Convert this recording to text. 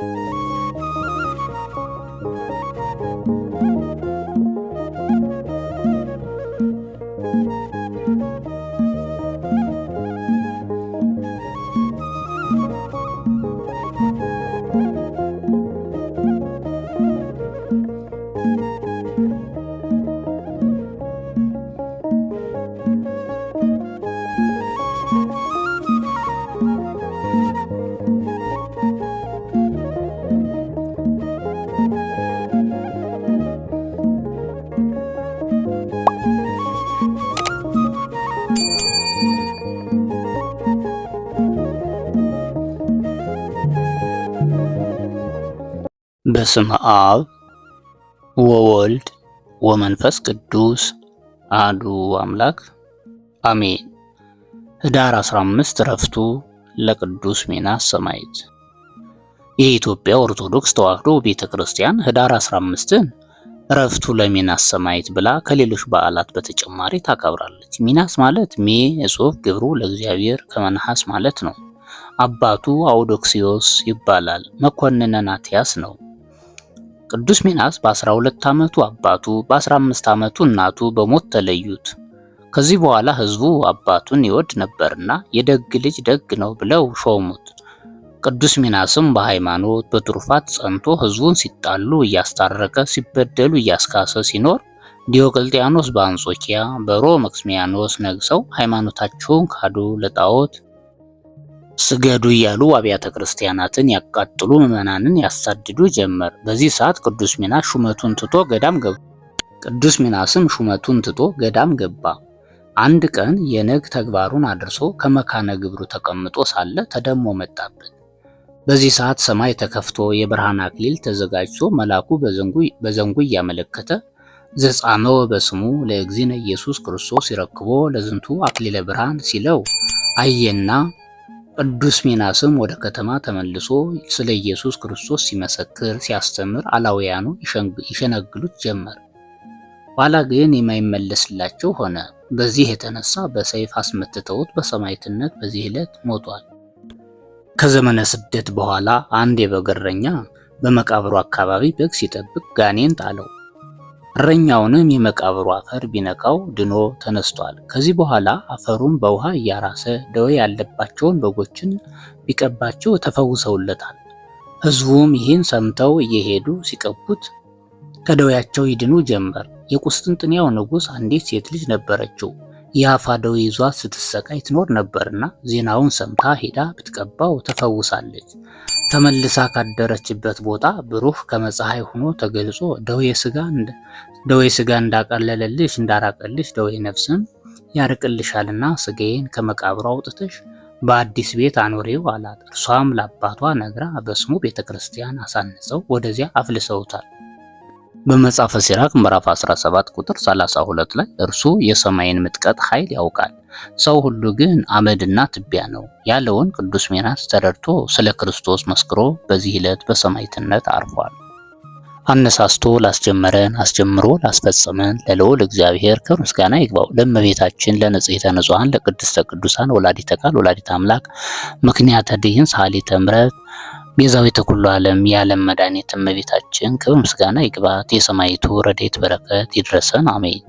Thank you. በስም አብ ወወልድ ወመንፈስ ቅዱስ አዱ አምላክ አሜን። ህዳር 15 እረፍቱ ለቅዱስ ሚናስ ሰማዕት። የኢትዮጵያ ኦርቶዶክስ ተዋሕዶ ቤተ ክርስቲያን ህዳር 15ን እረፍቱ ለሚናስ ሰማዕት ብላ ከሌሎች በዓላት በተጨማሪ ታከብራለች። ሚናስ ማለት ሜ እጽሑፍ ግብሩ ለእግዚአብሔር ከመንሐስ ማለት ነው። አባቱ አውዶክሲዮስ ይባላል። መኮንነ ናትያስ ነው። ቅዱስ ሚናስ በ12 ዓመቱ አባቱ በ15 ዓመቱ እናቱ በሞት ተለዩት። ከዚህ በኋላ ህዝቡ አባቱን ይወድ ነበርና የደግ ልጅ ደግ ነው ብለው ሾሙት። ቅዱስ ሚናስም በሃይማኖት በትሩፋት ጸንቶ ህዝቡን ሲጣሉ እያስታረቀ ሲበደሉ እያስካሰ ሲኖር ዲዮቅልጥያኖስ በአንጾኪያ በሮ መክስሚያኖስ ነግሰው ሃይማኖታቸውን ካዱ፣ ለጣዖት ስገዱ እያሉ አብያተ ክርስቲያናትን ያቃጥሉ፣ ምዕመናንን ያሳድዱ ጀመር። በዚህ ሰዓት ቅዱስ ሚናስ ሹመቱን ትቶ ገዳም ገባ። ቅዱስ ሚናስም ሹመቱን ትቶ ገዳም ገባ። አንድ ቀን የነግ ተግባሩን አድርሶ ከመካነ ግብሩ ተቀምጦ ሳለ ተደሞ መጣበት። በዚህ ሰዓት ሰማይ ተከፍቶ የብርሃን አክሊል ተዘጋጅቶ መልአኩ በዘንጉ እያመለከተ ዘጻመው በስሙ ለእግዚእነ ኢየሱስ ክርስቶስ ይረክቦ ለዝንቱ አክሊለ ብርሃን ሲለው አየና ቅዱስ ሚናስም ወደ ከተማ ተመልሶ ስለ ኢየሱስ ክርስቶስ ሲመሰክር ሲያስተምር አላውያኑ ይሸነግሉት ጀመር። ኋላ ግን የማይመለስላቸው ሆነ። በዚህ የተነሳ በሰይፍ አስመትተውት በሰማዕትነት በዚህ ዕለት ሞቷል። ከዘመነ ስደት በኋላ አንድ የበግ እረኛ በመቃብሩ አካባቢ በግ ሲጠብቅ ጋኔን ጣለው። እረኛውንም የመቃብሩ አፈር ቢነካው ድኖ ተነስቷል። ከዚህ በኋላ አፈሩን በውሃ እያራሰ ደዌ ያለባቸውን በጎችን ቢቀባቸው ተፈውሰውለታል። ሕዝቡም ይህን ሰምተው እየሄዱ ሲቀቡት ከደዌያቸው ይድኑ ጀመር። የቁስጥንጥንያው ንጉሥ አንዲት ሴት ልጅ ነበረችው። ደዌ ይዟት ስትሰቃይ ትኖር ነበርና ዜናውን ሰምታ ሄዳ ብትቀባው ተፈውሳለች። ተመልሳ ካደረችበት ቦታ ብሩህ ከመፀሐይ ሆኖ ተገልጾ ደዌ ስጋ እንዳቀለለልሽ እንዳራቀልሽ ደዌ ነፍስን ያርቅልሻልና ስጋዬን ከመቃብሩ አውጥተሽ በአዲስ ቤት አኖሬው አላት። እርሷም ለአባቷ ነግራ በስሙ ቤተ ክርስቲያን አሳንጸው ወደዚያ አፍልሰውታል። በመጽሐፈ ሲራክ ምዕራፍ 17 ቁጥር 32 ላይ እርሱ የሰማይን ምጥቀት ኃይል ያውቃል፣ ሰው ሁሉ ግን አመድና ትቢያ ነው ያለውን ቅዱስ ሚናስ ተረድቶ ስለ ክርስቶስ መስክሮ በዚህ ዕለት በሰማይትነት አርፏል። አነሳስቶ ላስጀመረን አስጀምሮ ላስፈጸመን ለልዑል እግዚአብሔር ክብር ምስጋና ይግባው። ለእመቤታችን ለንጽሕተ ንጹሐን ለቅድስተ ቅዱሳን ወላዲተ ቃል ወላዲተ አምላክ ምክንያተ ድኅን ሰዓሊተ ምሕረት ቤዛዊተ ኩሉ ዓለም የዓለም መድኃኒት እመቤታችን ክብር ምስጋና ይግባት። የሰማይቱ ረዴት በረከት ይድረሰን። አሜን።